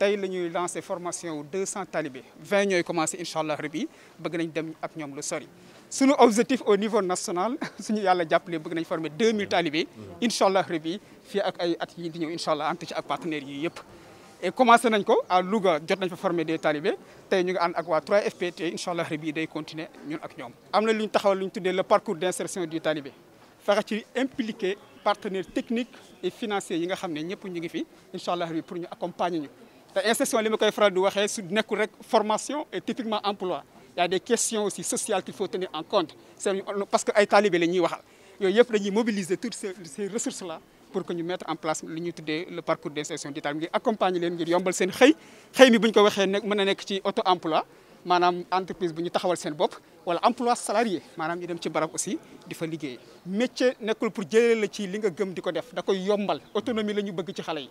tay la lancer lancé formation 200 talibé 20 ñoy commencé inshallah rabbi rabi bëgg nañ dem ak ñom lu sori. suñu objectif au niveau national suñu yalla jappalé bëgg nañ former 2000 talibé inshallah rabbi fi ak ay at yi di ñëw incha allah ci ak partenaires yi yépp et commencé nañ ko à Louga jot nañ fa former des talibé tay ñu ngi and ak wa 3FPT inshallah rabbi day continuer ñun ak ñom amna na taxawal lu tuddé le parcours d'insertion du talibé fexe ci impliqué partenaires techniques et financiers yi nga xamné ne ñëpp ñu ngi fi inshallah rabbi pour ñu accompagner ñu te insertion li ma koy faral di waxee su nekkul rek formation et typiquement emploi Il y a des questions aussi sociales qu'il faut tenir en compte c'est parce que ay talibé les ñuy waxal yooyu yëpp mobiliser toutes ces ces ressources là pour que ñu mettre en place le ñuy le parcours d'insertion du talibé accompagner les ngir yombal seen xëy xëy mi bu ñu ko waxee nekk mën a ci auto emploi Manam entreprise bu ñu taxawal seen bopp wala emploi salarié Manam ñu dem ci barab aussi di fa liggéey métier nekkul pour jëlee la ci li nga gëm di ko def da koy yombal autonomie les ñu bëgg ci xale yi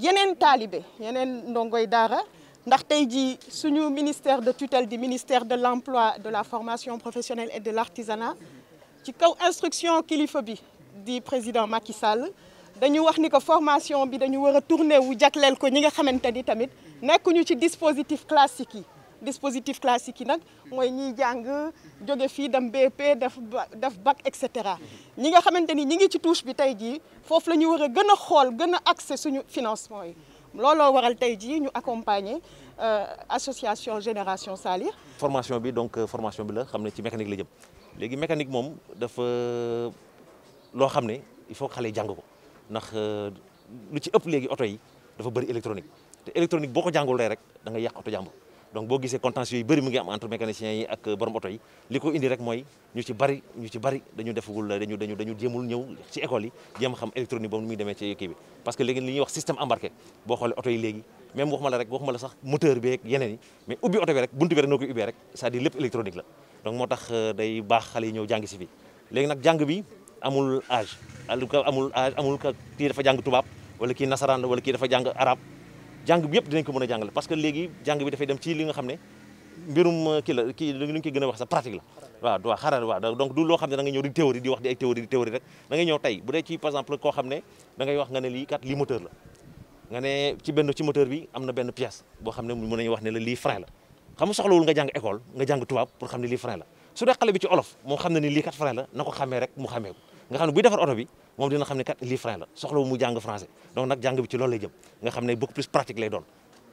yenen y yenen ndongoy dara ndax tey jii suñu ministère de tutelle du ministère de l'emploi de la formation professionnelle et de l'artisanat ci kaw instruction kilifa bi di président Macky Sall dañu wax ni ko formation bi dañu war a tourner wu jaklel ko ñi nga xamante ni tamit nekkuñu ci dispositif classique dispositif classique nak moy ñi ñiy jàng jóge fii dem BP def def bac etc ñi nga xamanteni ni ñi ngi ci touche bi tay ji fofu lañu wara gëna xol gëna accès suñu financement yi looloo waral tay ji ñu accompagner euh, association Génération Salir formation bi donc euh, formation bi la xamné ci mécanique la jëm légui mécanique mom dafa euh, lo xamné il faut xalé yi jàng ko ndax lu ci ëpp légui auto yi dafa bëri électronique té électronique boko ko jàngul rek da nga yak auto jàmbur donc bo gisé contention yu bari mu ngi am entre mécaniciens yi ak euh, borom auto yi liko indi rek moy ñu ci bari ñu ci bari dañu defugul dañu dañu dañu jëmul ñew ci école yi jëm xam électronique boobu nu démé ci équipe bi parce que légui li ñuy wax système embarqué bo xolé auto yi légui même waxuma la rek waxuma la sax moteur bi ak yeneen yi mais ubi auto bi rek buntu bi rek noko ubi rek ça dit lepp électronique la donc motax euh, day bax xale ñew jang ci fi légui nak jang bi amul âge amul âge amul kii dafa jang tubab wala ki nasaran wala ki dafa jang arab jang bi yep dinañ ko mëna a parce que légui jang bi da fay dem ci li nga xamné mbirum euh, ki la ki lu ñu gëna wax sa pratique la wa do xaral wa donc du lo xamné da nga ñëw di théorie di wax di ay théorie di théorie rek da nga ñëw tay bu dé ci par exemple ko xamné da ngay wax nga né li kat li moteur la nga né ci benn ci moteur bi amna benn pièce bo xamné mu mëna nañu wax né la lii frein la xamu nga soxlawul nga jang école nga jang tubaab pour xamné li frein la su dé xalé bi ci olof mo xamné ni li kat frein la nako xamé rek mu xamé ko nga xamne buy defar auto bi mom dina xamne ne kat li frein la soxlawu mu jang français donc nak jang bi ci lolou lay jëm nga xamne beaucoup plus pratique lay doon.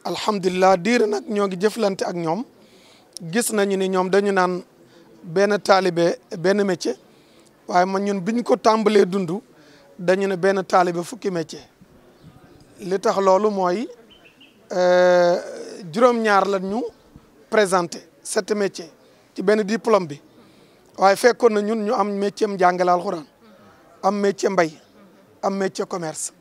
alhamdullilah dir nak ñogi ngi jëflante ak ñom gis nañu ni ñom dañu naan ben talibé ben métier waye man ñun biñ ko tambalé dundu dañu ne ben talibé fukki métier li tax moy euh juroom ñaar la ñu présenter cet métier ci ben diplôme bi waye fekkoon na ñun ñu am métier am jàngale am métier mbay am métier commerce